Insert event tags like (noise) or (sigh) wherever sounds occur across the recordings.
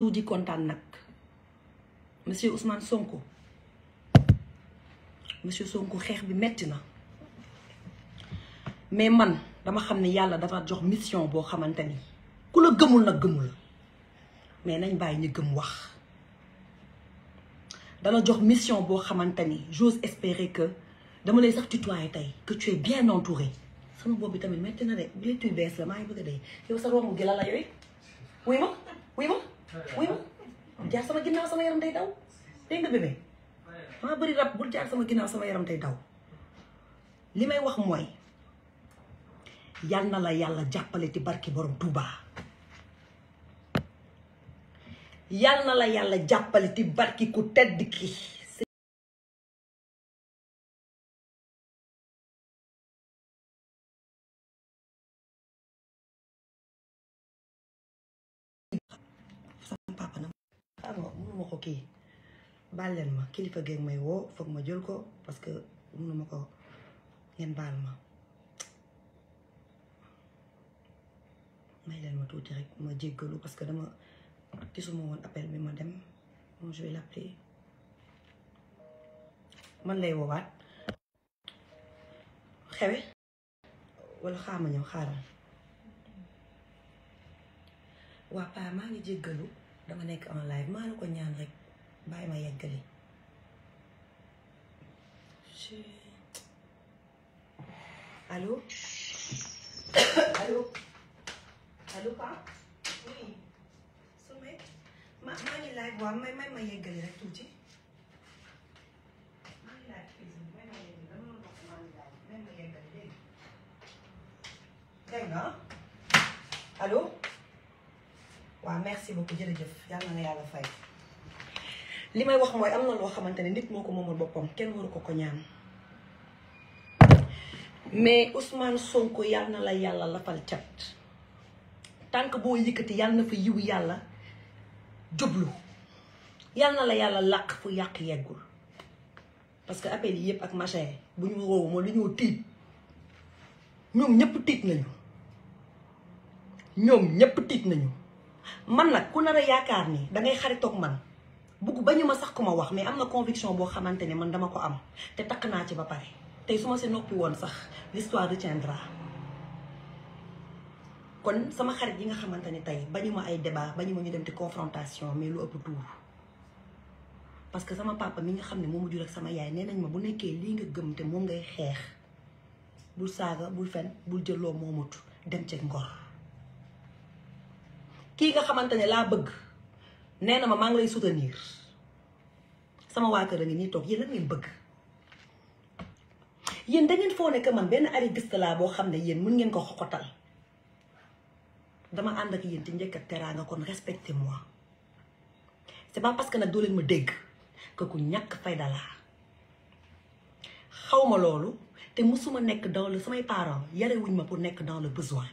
du di kontaan nag monsieur Ousmane Sonko monsieur Sonko xeex bi metti na mais man dama xam ne yàlla dafa jox mission boo xamante ni ku la gëmul nag gëmul mais nañ bàyyi ñu gëm wax dala jox mission boo xamante ni j'ose espérer que dama lay sax tutoyer tey que tu es bien entouré sama bopp bi tamit metti na de bi tuuti bees la maa ngi bëgg a dee yow sa romb gi la la yooyu wuy ma wuyu jaar sama ginnaaw sama yaram day daw dégg nga bébé maa bëri rab bul jaar sama ginnaaw sama yaram day daw li may wax mooy yal na la yàlla jàppale ti barki borom Touba yal na la yàlla jàppale ti barki ku tedd ki ah ma kilifa may woo foog ma jël ko parce que mënuma ko ngeen ma may leen ma tuuti rek ma jéggalu parce que dama gisuma woon appel ma dem moom man lay woowaat xewe wala xaama ñëw xaaral waa paa maa ngi jéggalu dama nekk en live maa ko ñaan rek bàyyi ma yeggali allo allo allo Pa oui su ma ma maa ngi live waaw may may ma yeggali rek tuuti dégg nga allo waaw merci beaucoup jërëjëf yàlla na la yàlla fay li may wax mooy am na loo xamante ne nit moo ko moomal boppam kenn waru ko ko ñaan mais Ousmane Sonko yàlla na la yàlla lafal cat tànk boo yëkkati yàlla na fa yiw yàlla jublu yàlla na la yàlla làq fu yàq yeggul parce que appel yi yëpp ak machin bu ñu woowu moom dañoo tiit ñoom ñëpp tiit nañu ñoom ñëpp tiit nañu man nag ku nar a yaakaar nii da ngay xaritoog man bugg bañu ma sax ku ma wax mais am na conviction boo xamante ne man dama ko am te takk naa ci ba pare tey su ma si noppi woon sax de retiendra kon sama xarit yi nga xamante ne tey bañu ma ay débat bañu ma ñu dem ci confrontation mais lu ëpp tuur parce que sama papa mi nga xam ne moo ma jur sama yaay nee nañ ma bu nekkee lii nga gëm te moom ngay xeex bul saaga bul fen bul jëloo moomut dem ci ngor kii nga xamante ne laa bëgg nee na ma maa ngi lay soutenir sama waakar kër a ngi nii toog yéen lan ngeen bëgg yéen da ngeen foo nekk man benn arriviste laa boo xam ne yéen mun ngeen ko xoxotal dama ànd ak yéen ci njëkk ak teraanga kon respectez moi c'est pas parce que nag doo leen ma dégg que ku ñàkk fayda laa xaw ma loolu te musuma nekk dans le samay parents yarewuñ ma pour nekk dans le besoin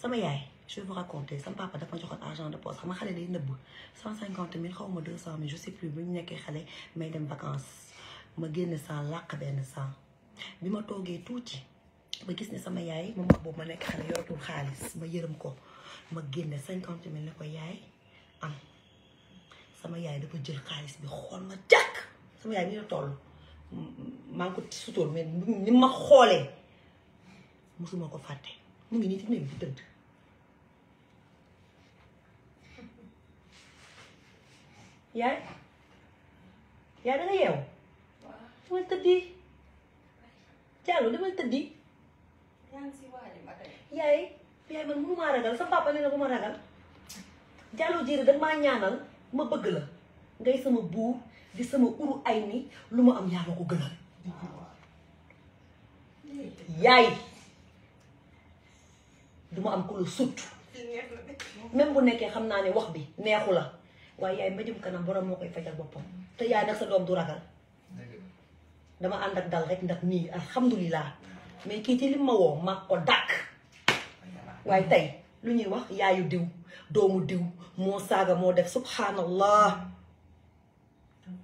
sama yaay je vais vous raconter sama papa dafa joxoon argent de poche xam nga xale day nëbb cent cinquante mille xaw ma deux cent mille je sais plus bu ñu nekkee xale may dem ma génn cent làq benn cent bi ma toogee tuuti ma gis ne sama yaay moom boobu ma nekk xale yoratul xaalis ma yërëm ko ma génne cinquante mille ne ko yaay am sama yaay dafa jël xaalis bi xool ma jàkk sama yaay ni la toll maa ngi ko sutool mais ni ma xoolee mosuma ko fàtte mu ngi nii ci néeg bi tëdd yaay e e yaay e da nga yeew demal tëddi jàllu demal tëddi yaay yaay man mënu ragal sa papa nee na ma ragal jàllu jiiri da maa ñaanal ma bëgg la ngay sama buur di sama uru ay ni lu ma am yaa ma ko gënal yaay du ma am ku la sut même bu nekkee xam naa ne wax bi neexu la waaye yaay mbajum kanam borom moo koy fajal boppam te yaay nag sa doom du ragal dama ànd ak dal rek ndax nii alhamdulilah mais kii ci lim ma woo ma ko dàkk waaye tey lu ñuy wax yaayu diw doomu diw moo saaga moo def subhanallah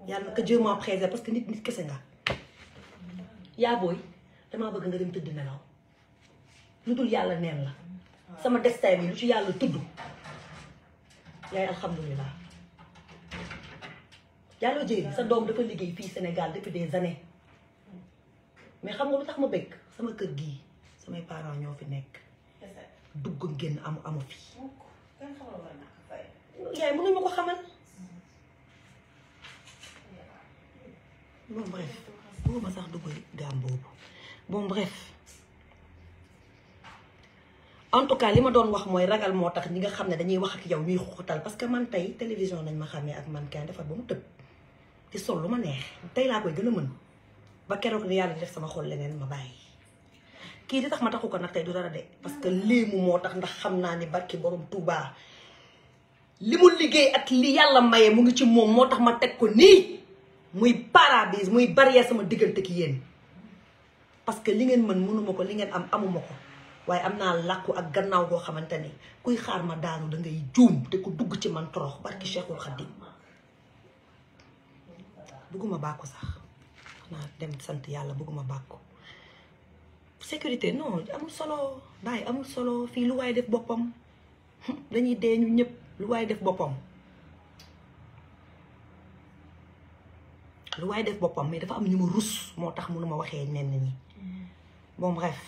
yàlla ka ko Dieu m'en préserve parce que nit nit kese nga yaa booy damaa bëgg nga dem tëdd nelaw lu dul yàlla neen la sama destin bi lu ci yàlla tudd yaay alhamdulilah Diallo Diéry sa doom dafa liggéey fii Sénégal depuis des années mais xam nga lu tax ma bëgg sama kër gii samay parents ñoo fi nekk. dugg génn amu amu fi. yaay mënuñu ma ko xamal. bon bref bëggu ma sax dugg gaam boobu bon bref en tout cas li ma doon wax mooy ragal moo tax ñi nga xam ne dañuy wax ak yow ñuy xuutal parce que man tey télévision lañ ma xamee ak man kaay defar ba mu tëb. di sol lu ma neex tey laa koy gën a mën ba keroog ni yàlla def sama xol leneen ma bàyyi kii di tax ma taxu ko nag tey du dara de parce que lii mu moo tax ndax xam naa ni barki borom Touba li mu liggéey ak li yàlla maye mu ngi ci moom moo tax ma teg ko nii muy parabise muy barrière sama diggante ki yéen parce que li ngeen mën mënuma ko li ngeen am amuma ko waaye am naa làkku ak gannaaw goo xamante ni kuy xaar ma daanu da ngay juum te ku dugg ci man torox barki Cheikhul Khadim bëgguma bàkku sax xanaa dem sant yàlla bugguma bàkku sécurité no amul solo bàyyi amul solo fii lu waaye def boppam (laughs) dañuy dee ñu ñëpp lu waaye def boppam lu waaye def boppam mais dafa am ñu ma rus moo tax ma waxee nenn ñi bon bref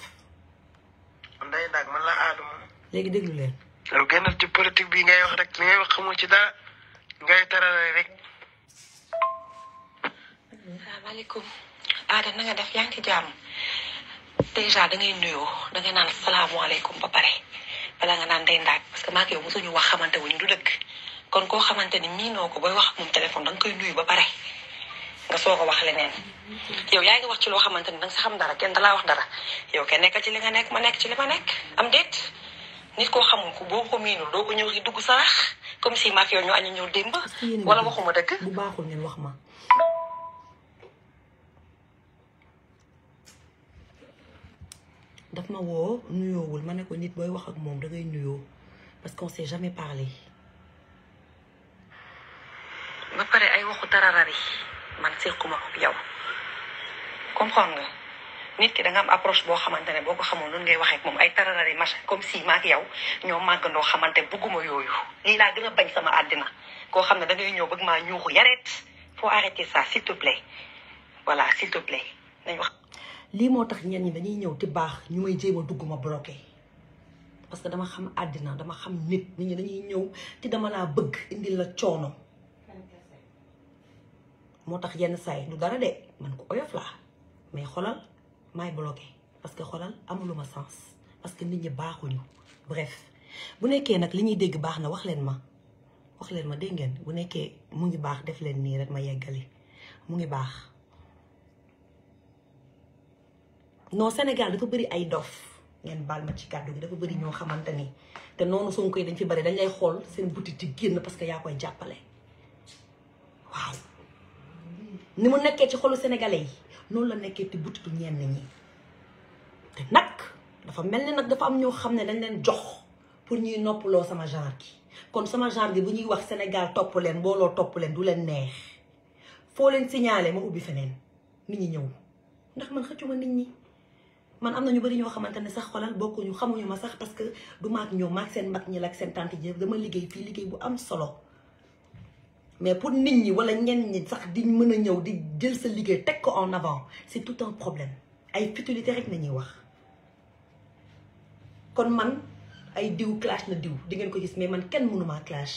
nday ndaag man la aaduma léegi déglu leen lu génnal ci politique bi ngay wax rek li ngay wax xamul ci dara ngay tarale rek salaamaaleykum aada ah, na nga def yaa ngi ci jàmm dèjà da ngay nuyoo oh. da ngay naan salaamaaleykum ba pare balaa nga naan day ndaaj parce que maa oh, ngi yow mosuñu wax xamante wuñu du dëkk kon koo xamante ni miinoo ko booy wax ak moom téléphone da koy nuyu ba pare nga soog a wax leneen yow yaa ngi wax ci loo xamante ni da nga sa xam dara kenn dalaa wax dara yow kenn nekkal ci li nga nekk ma nekk ci la ma nekk am déet nit koo xamul ko boo ko miinul doo ko ñëw dugg sarax comme si maak yow ñu añu ñëw démb wala waxuma dëgg bu baaxul ngeen wax ma daf ma woo nuyoowul ma ne ko nit booy wax ak moom da ngay nuyoo parce qu'on s'est jamais parlé. ba pare ay waxu tararari man séquma ko yow comprendre nga nit ki da nga am approche boo xamante ne boo ko xamul noonu ngay waxee moom ay tararari machin comme si maak yow ñoo màggandoo xamante bugguma yooyu lii laa gën a bañ sama àddina koo xam ne da ngay ñëw bëgg maa ñuuxu yareet faut arrêter ça s'il te plaît voilà s'il lii moo tax ñenn ñi dañuy ñëw ti baax ñu may jéem a dugg ma bloqué parce que dama xam àddina dama xam nit nit ñi dañuy ñëw ti dama laa bëgg indi la coono moo tax yenn saay du dara de man ko oyof laa mais xolal maay bloqué parce que amulu ma sens parce que nit ñi baaxuñu bref bu nekkee nag li ñuy dégg baax na wax leen ma wax leen ma dégg ngeen bu nekkee mu ngi baax def leen nii rek ma yeggali mu ngi baax non Sénégal dafa bëri ay dof ngeen baal ma ci kàddu gi dafa bëri ñoo xamante ni te noonu Sonko yi dañ fi bari dañ lay xool seen butit ci génn parce que yaa koy jàppale waaw ni mu nekkee ci xolu sénégalais yi noonu la nekkee ci butitu ñenn ñi te nag dafa mel ni nag dafa am ñoo xam ne dañ leen jox pour ñuy noppaloo sama genre gi kon sama genre gi bu ñuy wax Sénégal topp leen mbooloo topp leen du leen neex foo leen siñaale ma ubbi feneen nit ñi ñëw ndax man am na ñu bari ñoo xamante ne sax xolal ñu xamuñu ma sax parce que du maak ñoom maak seen mag ñi la ak seen tante ji dama liggéey fii liggéey bu am solo mais pour nit ñi wala ñenn ñi sax di mën a ñëw di jël sa liggéey teg ko en avant c'est tout un problème ay futilité rek nañuy wax kon man ay diw clash na diw di ngeen ko gis mais man kenn mënumaa clash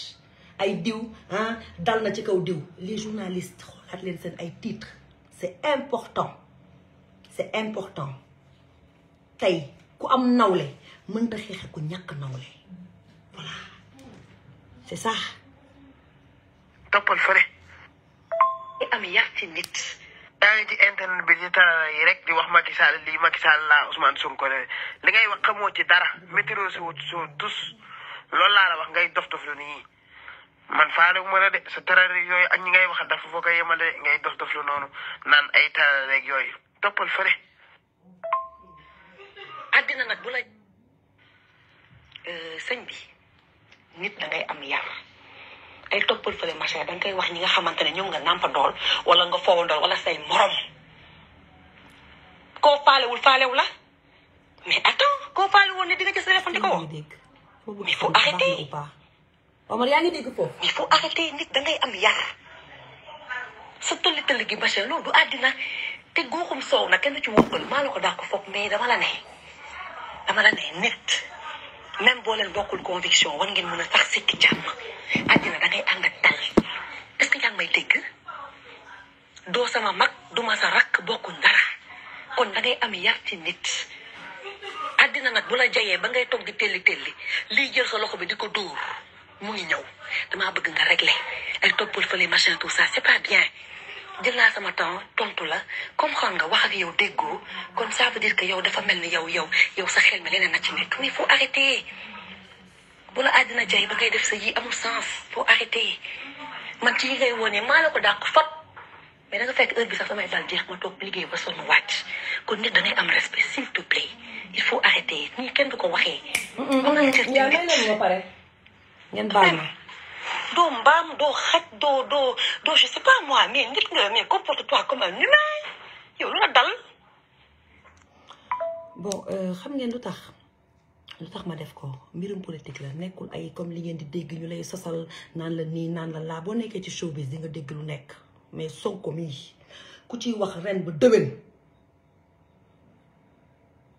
ay diw ah dal na ci kaw diw li journalistes xoolaat leen seen ay titres c'est important c'est important ku am nawle mënta xeex ku ñàkk nawle voilà c'est ça. toppal fële. ñu am yar nit. daa ngi internet bi di tarara yi rek di wax Macky Sall lii Macky Sall laa Ousmane Sonko li ngay wax xamoo ci dara météo si wut soo tus loolu laa la wax ngay dof dof lu nii man faalewu ma la de sa tarara yooyu ak ñi ngay wax dafa foo ko yemale ngay dof dof lu noonu naan ay tarara rek yooyu toppal fële. rawatina nag bu la euh, sëñ bi nit da ngay am yar ay toppal fële machin da nga koy wax ñi nga xamante ne ñoom nga nàmpandool wala nga foowandool wala say morom koo faalewul faalewu la mais attends koo faale woon ne di nga jël sa téléphone di ko woo mais il faut arrêter nit da am yar sa tëlli tëlli gi machin loolu du àddina te góoxum soow na kenn ci woppal maa la ko daa ko foog mais dama la ne dama la ne nit même boo leen bokkul conviction war ngeen mën a sax sikki jàmm àddina da ngay ànd ak est que yaa ngi may tëgg doo sama mag duma sa rakk bokkul dara kon dangay am yar ci nit àddina nag bu la jayee ba ngay toog di telli li liy jël sa loxo bi di ko dóor mu ngi ñëw damaa bëgg nga régler ay toppal fële machin tout ça c'est pas bien jël naa sama temps tontu la comme xam nga wax ak yow déggoo kon ça veut dire que yow dafa mel ni yow yow yow sa xel mi leneen na ci nekk mais faut arrêter bu la àddina jaay ba ngay def sa yi amul sens faut yi man ci yi ngay wone maa la ko dàq fop mais da nga fekk heure bi sax samay dal jeex ma toog liggéey ba sonn wàcc kon nit da ngay am respect s'il te plaît il faut arrêter nii kenn du ko waxee. am na nga ngeen baal ma doo mbaam doo xaj doo doo doo je sais pas moi mais nit nga mais comporte-toi comme un humain yow lu la dal. bon euh, xam ngeen lu tax lu tax ma def ko mbirum politique la nekkul ay comme li ngeen di dégg ñu lay sosal naan la nii naan la laa boo nekkee ci showbiz di nga dégg lu nekk mais Sonko mii ku ciy wax ren ba déwén.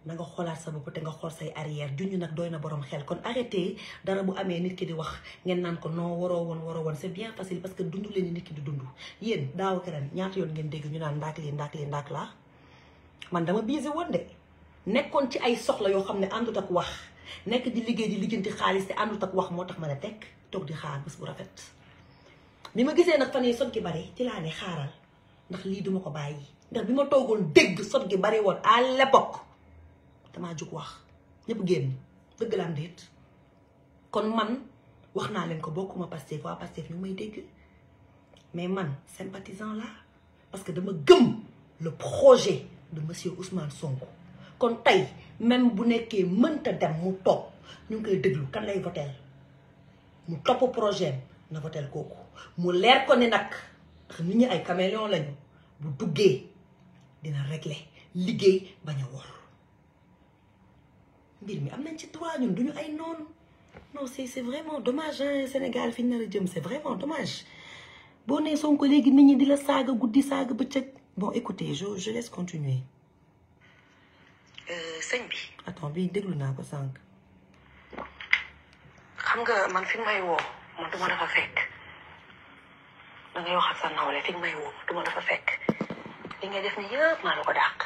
nanga nga xoolaat sa bopp te nga xool say arrière juñu nag doy na borom xel kon arrêté dara bu amee nit ki di wax ngeen naan ko noo waroo woon waroo woon c'est bien facile parce que dund leen nit ki di dund yéen daaw ak ñaata yoon ngeen dégg ñu naan ndaak lii ndaak lii ndaak laa man dama biise woon de nekkoon ci ay soxla yoo xam ne àndut ak wax nekk di liggéey di lijjanti xaalis te àndut ak wax moo tax ma ne tekk toog di xaar bés rafet bi ma gisee nag fan yi sot gi bari ci laa ne xaaral ndax lii duma ko bàyyi ndax bi ma toogoon dégg sot gi bari woon à l'époque damaa jóg wax ñëpp génn dëgg la am déet kon man wax naa leen ko bokkuma Pastef waa Pastef ñu may dégg mais man sympathisant laa parce que dama gëm le projet de monsieur Ousmane Sonko kon tey même bu nekkee mënta dem mu toog ñu ngi koy déglu kan lay votel mu topp projet na votel kooku mu leer ko ni nag ndax nit ñi ay caméléon lañu bu duggee dina régler liggéey bañ a wor mbir mi am nañ ci droit ñun duñu ay noonu non c'est c'est vraiment dommage hein Sénégal fi nar a jëm c'est vraiment dommage boo nee Sonko léegi nit ñi di la saaga guddi saaga bëccëg bon écoutez je je laisse continuer. Euh, sëñ bi. attends bi déglu naa ko sànq. xam nga man fi may woo man duma dafa fekk da ngay wax ak sa nawle fi may woo duma dafa fekk li nga def ni yëpp maa la ko dàq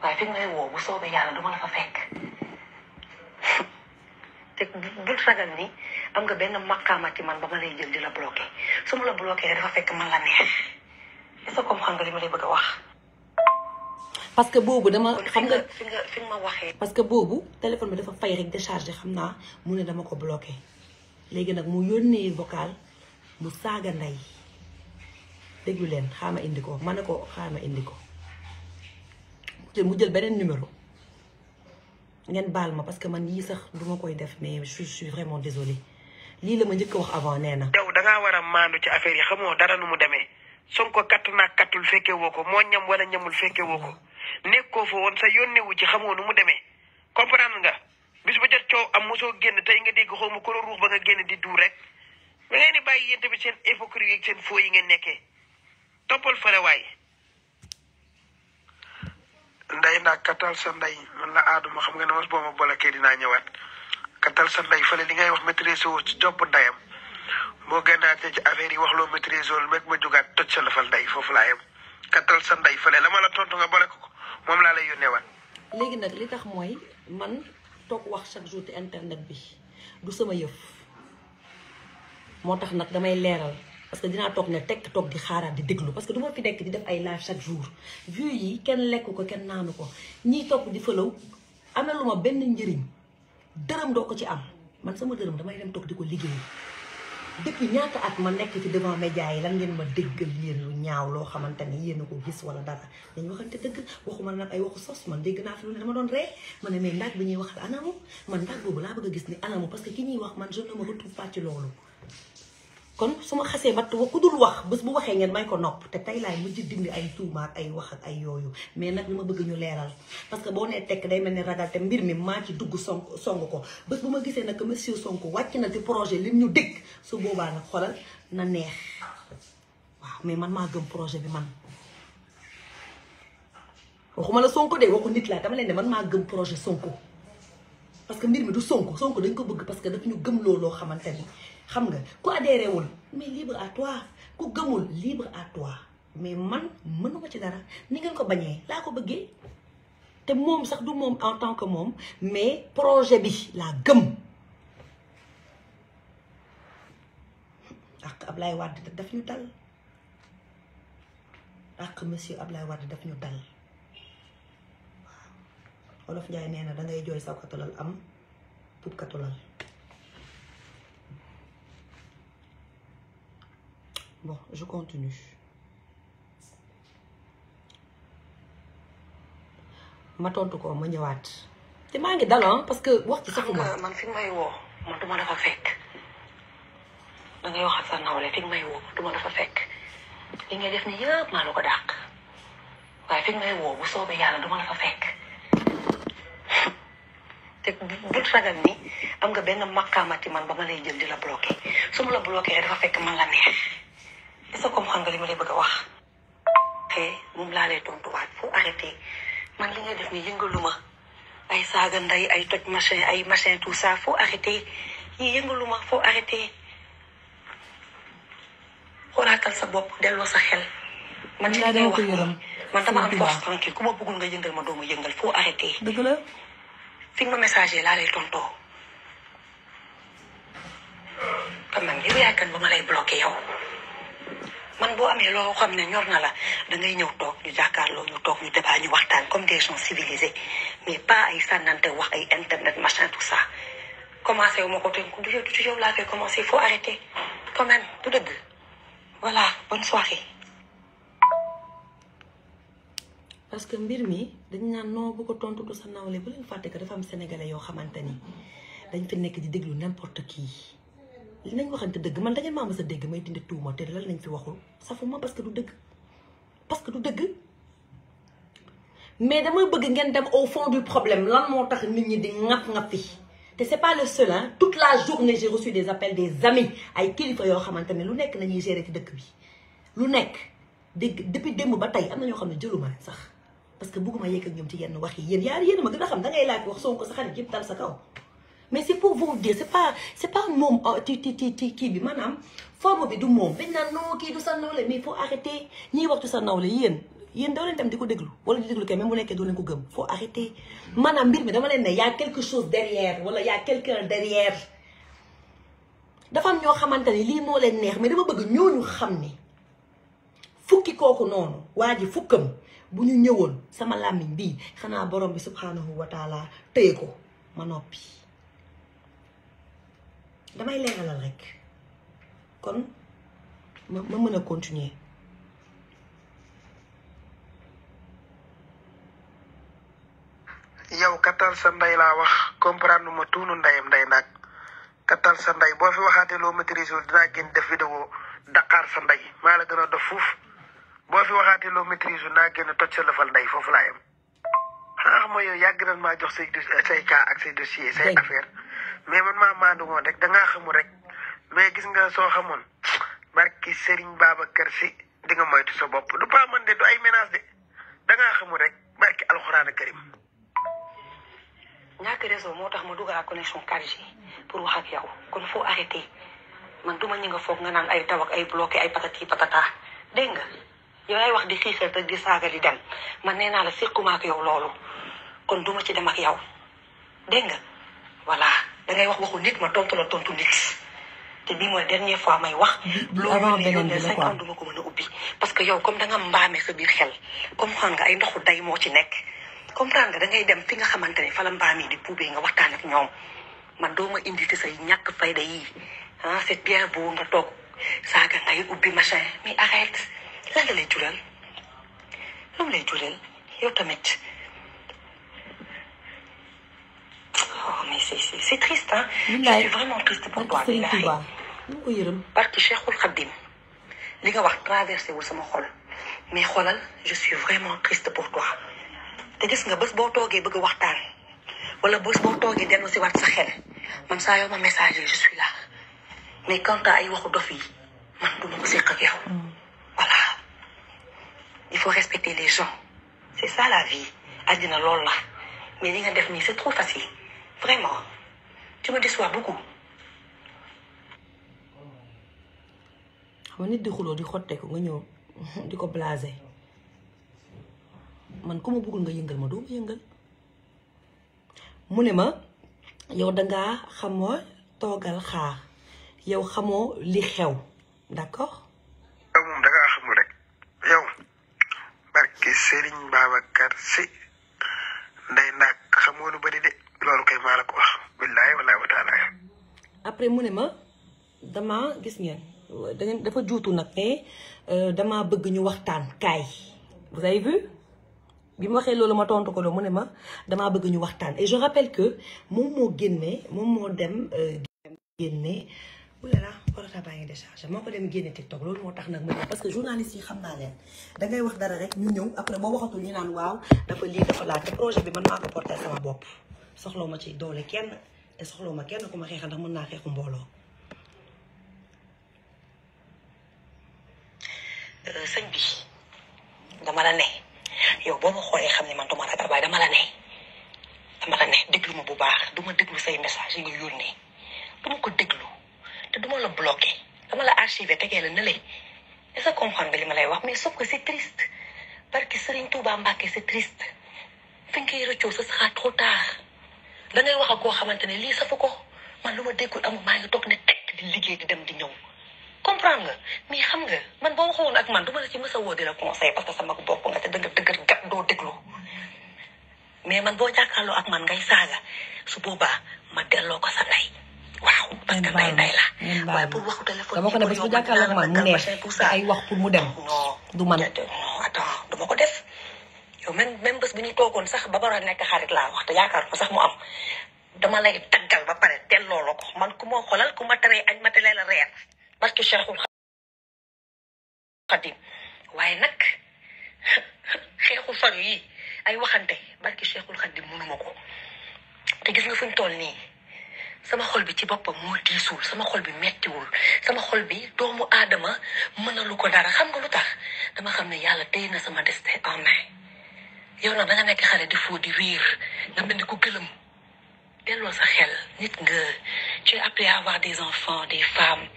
waaye fi may woo bu soobee yàlla duma dafa fekk. te bul sagal ni am nga benn maqaama ci man ba ma lay jël di la bloqué su ma la bloqué dafa fekk man la neex est que comme boobu dama xam nga fi nga fi nga ma waxee. parce que boobu téléphone bi dafa fay rek déchargé xam naa mu ne dama ko bloqué léegi nag mu yónnee vocal mu saaga ndey déglu leen xaama indi ko ma ne ko xaama indi ko mu jël beneen numéro. ngeen baal ma parce que man yii sax du koy def mais je suis vraiment désolée lii la ma njëkk wax avant nee na. yow da war a maandu ci affaire yi xamoo dara nu mu demee ko katt naa kattul fekkee woo ko moo ñam wala ñamul fekkee woo ko nekkoo fa woon sa yónneewu ci xamoo nu mu demee comprendre nga bis ba jot coow am mosoo génn tey nga dégg xaw ma ko ruux ba nga génn di duur rek da ne di bàyyi yéen tamit seen hypocrisie yi seen faux yi ngeen nekkee toppal fële waay ndey ndaa katal sa nday man la aaduma xam nga ne mos boo ma bolokee dinaa ñëwaat katal sa nday fële li ngay wax maîtrise wu ci jopp ndayam boo gànnaatee ci affaire yi wax loo maîtrise wu rek ma jugaat toj sa la fa nday foofu laa yem katal sa la ma la tontu nga boleke ko moom laa lay yónneewaat. léegi nag li tax mooy man toog wax chaque jour ci internet bi du sama yëf moo tax nag damay leeral. parce que dinaa toog ne tekk toog di xaaraat di déglu parce que du ma fi nekk di def ay live chaque jour vues yi kenn lekk ko kenn naanu ko ñiy topp di fëlaw amee benn njëriñ dërëm doo ko ci am man sama dërëm damay dem toog di ko liggéey depuis ñaata ma nekk ñaaw loo xamante ni yéen ko gis wala dara dañu waxante dëgg waxuma nag ay waxu sos man dégg naa fi lu ne dama doon ree ma ne mais ndaag bi ñuy waxal anamu man ndaag boobu laa bëgg a gis ni anamu parce que ki ñuy wax man je ne kon su ma xasee ba ku dul wax bés bu waxee ngeen may ko nopp te tey laay mujj dindi ay tuuma ak ay wax ak yooyu mais nag li ma bëgg ñu leeral parce que boo nee tekk day mel ni ragal te mbir mi maa ci dugg song song ko bés bu ma gisee nag monsieur Sonko wàcc na ci projet lim ñu dégg su boobaa xoolal na neex waaw mais man maa gëm projet bi man. waxuma la Sonko de waxu nit laa dama leen ne man maa gëm projet Sonko parce que mbir mi du Sonko sonku dañ ko bëgg parce que daf ñu gëm looloo xamante ni. xam nga ku adhéré wul mais libre à toi ku gëmul libre à toi mais man mënuma ci dara ni ngeen ko bañee laa ko bëggee te moom sax du moom en tant que moom mais projet bi laa gëm. ak Ablaye Wade daf ñu dal ak monsieur Ablaye Wade daf ñu dal waaw olof Njaay nee na da ngay jooy saw katulal am puub katulal Bon, je continue. ma tontu ko ma ñëwaat. te maa ngi dal ah, parce que wax ci sax. man fi may woo man du ma la fa fekk. da wax ak sa nawle fi may woo du ma la fa fekk. li ngay def ni yëpp maa la ko dàq. waaye fi may woo bu soobee yàlla du ma la fa fekk. te bu ragal ni am nga benn maqaamati man ba ma lay jël di la bloqué su la bloqué dafa fekk man la neex. que comprendre nga li lay bëgg a wax. xëy moom laa lay tontuwaat faut arrêter man li nga def ni yëngalu ma ay saaga nday ay toj machin ay machin tout ça faut arrêter yi yëngalu ma faut sa bopp delloo sa xel. man li ngay wax ku ma bëggul nga yëngal ma doomu yëngal faut arrêter. dëgg la. fi nga ma message laa lay tontoo. te man yow yaay kan ba ma lay bloqué yow. man boo amee loo xam ne ñor na la da ñëw toog ñu jàkkaarloo ñu toog ñu débat ñu waxtaan comme des gens civilisés mais pas ay sànnante wax ay internet machin tout ça. commencé wu ma ko tënku du yow du yow laa koy commencé il faut arrêter quand même du dëgg voilà bonne parce que mbir mi dañu naan non bu ko tontu du sa nawle bu leen fàtte que dafa am sénégalais yoo xamante ni dañ fi nekk di déglu n'importe qui. nañ waxante dëgg man da ngeen maa mës a dégg may dindi tuuma te lan lañ fi waxul safuma parce que du dëgg parce que du dëgg mais dama bëgg ngeen dem au fond du problème lan moo tax nit ñi di ŋap-ŋapi te c'est pas le seul hein toute la journée j'ai reçu des appels des amis ay kilifa yoo xamante ne lu nekk nañuy gérer ci dëkk bi lu nekk dégg depuis démb ba tey am na ñoo xam ne jëluma sax parce que bëgguma yegg ñoom ci yenn wax yi yéen yaar yéen ma gën a xam da ngay laaj wax Sonko sa xarit yëpp dal sa kaw mais ci pour vous dire c'est pas c'est pas moom euh, tii ci ci kii bi maanaam forme bi du moom dañ naan non kii du sa nawle mais il faut arrêter ñiy waxtu sa nawle yéen yéen doo leen dem di ko déglu wala di déglu kay même mu nekkee doo leen ko gëm foo arrêter maanaam mbir mi dama leen ne y a quelque chose derrière wala y a quelqu'un derrière dafa ñoo xamante ni lii moo leen neex mais dama bëgg ñooñu xam ne fukki kooku noonu waa ji fukkam bu ñu ñëwoon sama làmmiñ bi xanaa borom bi subhanahu wa taala téye ko ma noppi damay leeralal rek kon ma mën a continuer yow kattal sa ndey laa wax comprendre ma tuunu ndeyam ndey nag kattal sa ndey boo fi waxaatee loo maîtrise wul dinaa génn def vidéo Dakar sa ndey maa la gën a def fuuf boo fi waxaatee loo maîtrise wul naa génn toj sa lëfal ndey foofu laa yem xanaa xam nga yow yàgg nañ maa jox say say cas ak say dossier say affaire mais man maa maandu woon rek da xamu rek mais gis nga soo xamoon barki Serigne Babacar si di nga moytu sa bopp du pas man de du ay menace de da ngaa xamul rek barki alxuraan karim. ñàkk réseau moo tax ma dugg à connexion 4G pour wax ak yow kon faut arrêter man ma ñu nga foog nga naan ay taw ay bloqué ay patati patata dégg nga wax di xiisal te di saaga di dem man nee naa la séquma ak yow loolu kon duma ci dem ak yow dégg dangay wax waxu nit ma tontu la tontu nit te bii mooy dernière fois may wax. avant beneen bi la loolu ma ko mën ubbi. parce que yow comme da nga mbaamee sa biir xel comprendre nga ay ndoxu day moo ci nekk comprendre nga dangay dem fi nga xamante ne fa la yi di puubee nga waxtaan ak ñoom man doo ma indi te say ñàkk fayda yii ah c'est bien beau nga toog saaga ngay ubbi machin mais arrête lan la lay jural lu lay jural yow tamit. oh mais c'est c'est triste ah. je suis vraiment triste pour toi. barki Cheikhul Khadim li nga wax traversé wul sama xol mais xoolal je suis vraiment triste pour toi te gis nga bés boo toogee bëgg waxtaan wala bés boo toogee dellu si waat sa xel man saa yoo ma message je suis là mais quant ay waxu dof yi man ma ko séq ak yow. Mm. voilà il faut respecter les gens c'est ça la vie àddina loolu la mais li nga def nii c'est trop facile. Vraiment. Tu me déçois beaucoup. xam nga nit di xuloo di xotteeku nga ñëw (laughs) di ko blasé man ku ma bëggul nga yëngal ma doo yëngal mu ne ma yow dangaa xamoo toogal xaar yow xamoo li xew d'accord yow moom rek yow barke Serigne Babacar si nday ndaak xamoo lu bari de loolu kay maa la ko wax billaay wallaay wa après mu ne ma dama gis ngeen da dafa juutu nag ne euh, dama bëgg ñu waxtaan kaay vous avez vu bi mu waxee loolu ma tontu ko loolu mu ne ma damaa bëgg ñu waxtaan et je rappelle que moom moo moom moo dem euh, génne oulala portable baa ngi déchargé moo ko dem génne TikTok moo tax nag ma parce que journaliste yi xam naa leen dangay wax dara rek ñu ñëw après boo waxatul ñu naan waaw dafa lii dafa laaj te projet bi man maa ko porté sama bopp soxloo ma ci doole kenn te soxloo ma kenn ku ma xeexal ndax mën naa xeexu mbooloo. Euh, sëñ bi dama la ne yow boo ma xoolee xam ne man duma ragal waaye dama la ne dama la ne déglu ma bu baax duma déglu say message nga nga yónnee duma ko déglu te duma la bloqué dama la archivé tegee la ne lay est-ce que comprendre nga li ma lay wax mais sauf ko c'est triste parce que Serigne Touba Mbacké c'est triste fi nga koy rëccoo ce trop tard. da ngay wax ak koo xamante ne lii safu ko man lu ma déggul amul maa ngi toog ne teg di liggéey di dem di ñëw comprendre nga mais xam nga man boo waxoon ak man du ma la ci mës a woo di la conseil parce que sama bopp nga te danga dëgër gat doo man boo jàkkaarloo ak man ngay saaga su boobaa ma delloo ko sa ndey waaw parce que ndey ndey la waaye pour waxu téléphone dama ko ne bés bu jàkkaarloo ak man mu neex ay wax pour mu dem du man non attends du ma ko def yow même même bés bu ñu toogoon sax ba bara nekk xarit laa wax yaakaar ko sax mu am dama lay taggal ba pare delloo la ko man ku ma xoolal ku ma teree añ la reer parce que Cheikhul Xadim waaye nag (laughs) xeexu faru yi ay waxante barki Cheikhul Xadim mënuma ko te gis nga fuñ toll nii sama xol bi ci boppam moo diisul sama xol bi mettiwul sama xol bi doomu aadama mënalu ko dara xam nga lu tax dama xam ne yàlla téye na sama destin en main yow nag danga nekk xale di foo di wiir nga mel ni ku gëlëm delloo sa xel nit nga tu es appelé à avoir des enfants des femmes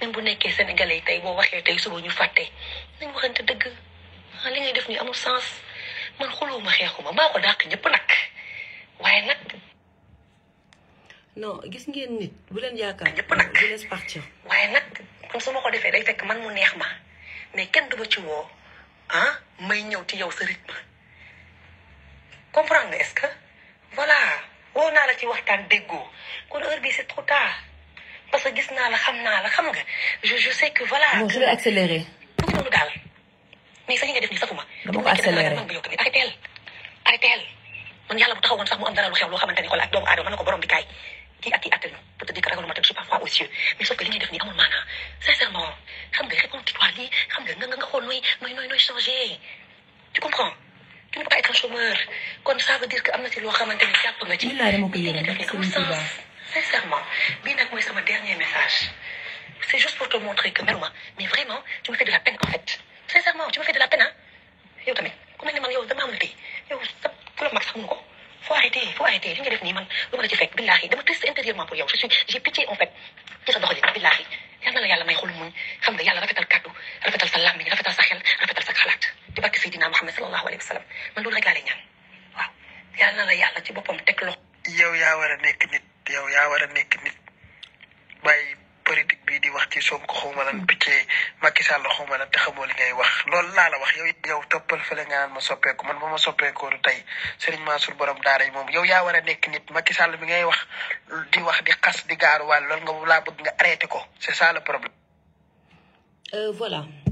même bu nekkee sénégalais yi boo waxee tey suba ñu fàtte nañ waxante dëgg ah, li ngay def nii amul sens man ma xeexuma maa ko dàq ñëpp nag waaye nag. non gis ngeen bu leen yaakaar. ñëpp nag je laisse waaye nag kon su ma ko defee day fekk man mu neex ma mais kenn du ma ci woo ah may ñëw ci yow sa rythme. comprendre nga est-ce que voilà woo naa la ci waxtaan déggoo kon heure bi c'est trop tard parce que gis naa la xam naa la xam nga je je sais que voilà. bon je vais accélérer. bëgg noonu daal mais sañi nga def nii satuma. dama ko accéléré bu yokk man yàlla bu taxawoon dara lu xew loo ni ko borom bi kaay kii ak kii attel ñu pour te dire que ragaluma tamit je suis pas froid aux yeux mais sauf que li ñuy def nii amul maanaa sincèrement xam nga répondre toi lii xam nga nga nga xool nooy nooy nooy tu comprends. tu n'es pas être chômeur kon ça veut dire que am na ci loo xamante ni jàpp nga ci. li nga defee amul sens sincèrement bii nag mooy sama dernier message. c' juste pour te montrer que Melouma mais vraiment tu me fais de la peine en fait sincèrement tu me fais de la peine ah yow tamit ku mel ni man la mag sax mënu ko faut arrêter faut arrêter li nga def nii man lu ma la ci fekk je suis j'ai pitié en fait ci sa doxalin billahi yal na la yàlla ma soppeeku man bu ma soppeekoo du tey Serigne Mansour borom daara yi moom yow yaa war a nekk nit Macky Sall bi ngay wax di wax di xas di gaaruwaal loolu nga laa bëgg nga arrêté ko c'est ça le euh,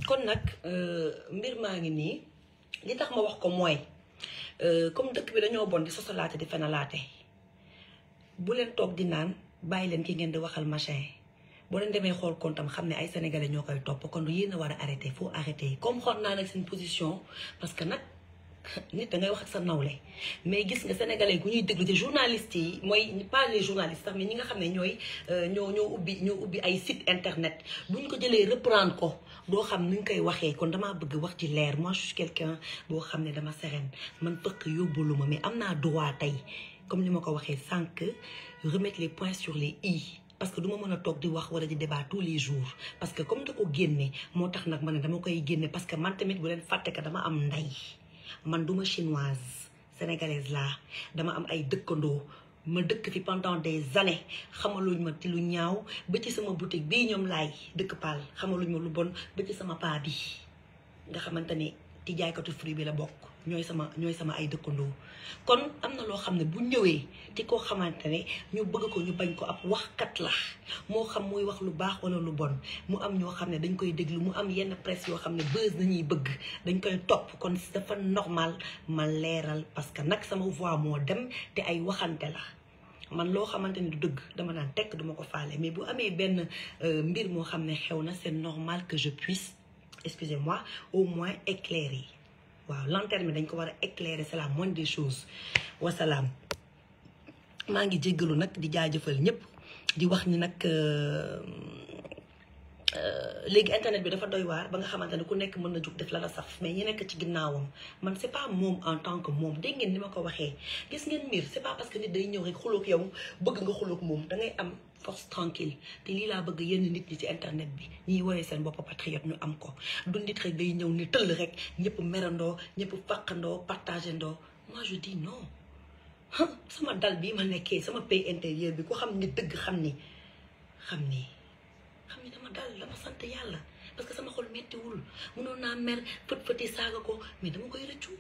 kon nag euh, mbir maa ngi nii li mooy euh, comme dëkk bi dañoo bon di sosalaate di fenalaate bu leen toog di naan bàyyi leen ki ngeen di waxal machin boo leen demee xool kontam xam ne ay sénégalais ñoo koy topp kon yéen war a arrêté faut arrêter comme xool naa nag seen position parce que nag. nit da ngay wax ak sa nawle mais gis nga sénégalais gu ñuy déglu ci journalistes yi mooy pas les journalistes sax mais ñi nga xam ne ñooy euh, ñoo ñoo ubbi ñoo ubbi ay site internet bu ñu ko jëlee reprendre ko doo xam ni ñu koy waxee kon damaa bëgg wax ci leer moi je boo xam ne dama sereine man pëq yóbbalu ma mais am naa droit tey comme ni ma ko waxee sànq remettre les points sur les i parce que du ma a toog di wax wala di débat tous les jours parce que comme da ko génne moo tax nag ma ne dama koy génne parce que man tamit bu leen fàtte que dama am ndey man duma chinoise sénégalaise laa dama am ay dëkkandoo ma dëkk fi pendant des années xamaluñ ma ti lu ñaaw ba ci sama boutique bii ñoom laay dëkk paal xamaluñ ma lu bon ba ci sama paa bi nga xamante ne ci jaaykatu fruit bi la bokk ñooy sama ñooy sama ay dëkkandoo kon am na loo xam ne bu ñëwee te koo xamante ne ñu bëgg ko ñu bañ ko wax kat la moo xam muy wax lu baax wala lu bon mu am ñoo xam ne dañ koy déglu mu am yenn presse yoo xam ne buzz nañuy bëgg dañ koy topp kon dafa normal ma leeral parce que nag sama voix moo dem te ay waxante la man loo xamante ni du dëgg dama naan tekk duma ko faale mais bu amee benn euh, mbir moo xam ne xew na seen normal que je puisse excusez-moi au moins éclairer waaw lanterne bi dañ ko war a éclairer c'est la moindre des choses wasalaam maa ngi jéggalu nag di jaajëfal ñëpp di wax ni nag euh, euh, léegi internet bi dafa doy waar ba nga xamante ne ku nekk mën na jug def la la saf mais ñi nekk ci ginnaawam man c'est pas moom en tant que moom dégg ni ma ko waxee gis ngeen mbir c'est pas parce que nit day ñëw rek xuloog yow bëgg nga xuloog moom dangay am force tranquille te lii laa bëgg yenn nit ñi ci internet bi ñiy woowee seen bopp patriote ñu am ko du nit rek day ñëw ni tëll rek ñëpp merandoo ñëpp fàqandoo partagé ndoo moi je dis sama dal bii ma nekkee sama pays intérieur bi ku xam ne dëgg xam ni xam ni dama dal dama sant yàlla parce que sama xol mettiwul mënoon naa mer fët fëti saaga ko mais dama koy rëccu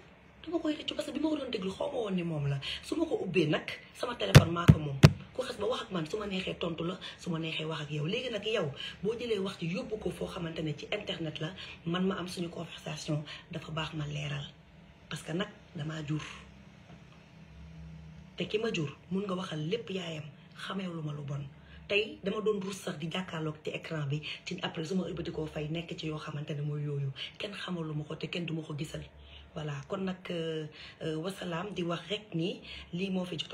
dama koy rëccu parce que bi ma ko déglu xaw ma woon ni moom la su ma ko ubbee nag sama téléphone moom ku xas ba wax ak man su ma neexee tontu la su ma neexee wax ak yow léegi nag yow boo jëlee wax ci yóbbu ko foo xamante ne ci internet la man ma am suñu conversation dafa baax ma leeral parce que nag damaa jur te ki ma jur mun nga waxal lépp yaayam xameewlu ma lu bon tey dama doon ruus di jàkkaarloog ci écran bi ci après su ma ëlbatikoo fay nekk ci yoo xamante ne mooy yooyu kenn xamalu ma ko te kenn duma ko gisal voilà kon nag euh, euh, wasalaam di wax rek